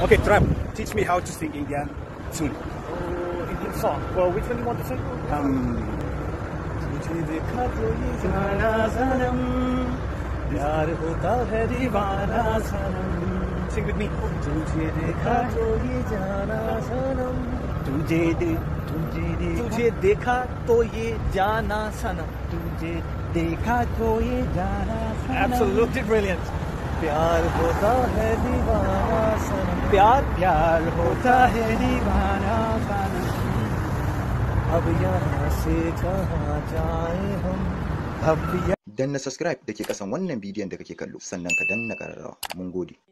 Okay, Trap, teach me how to sing Indian tune. Oh, Indian song. Well, which one do you want to sing? Um, प्यार तुझे दे तुझे दे तुझे देखा तो ये जाना सनम तुझे देखा तो ये जाना सनम Absolutely brilliant. प्यार होता है दी प्यार प्यार होता है दीवाना पाना अब यहाँ से कहाँ जाए हम अब danna subscribe da ke kasan wannan bidiyon da kake kallo sannan ka danna kararrawa mun gode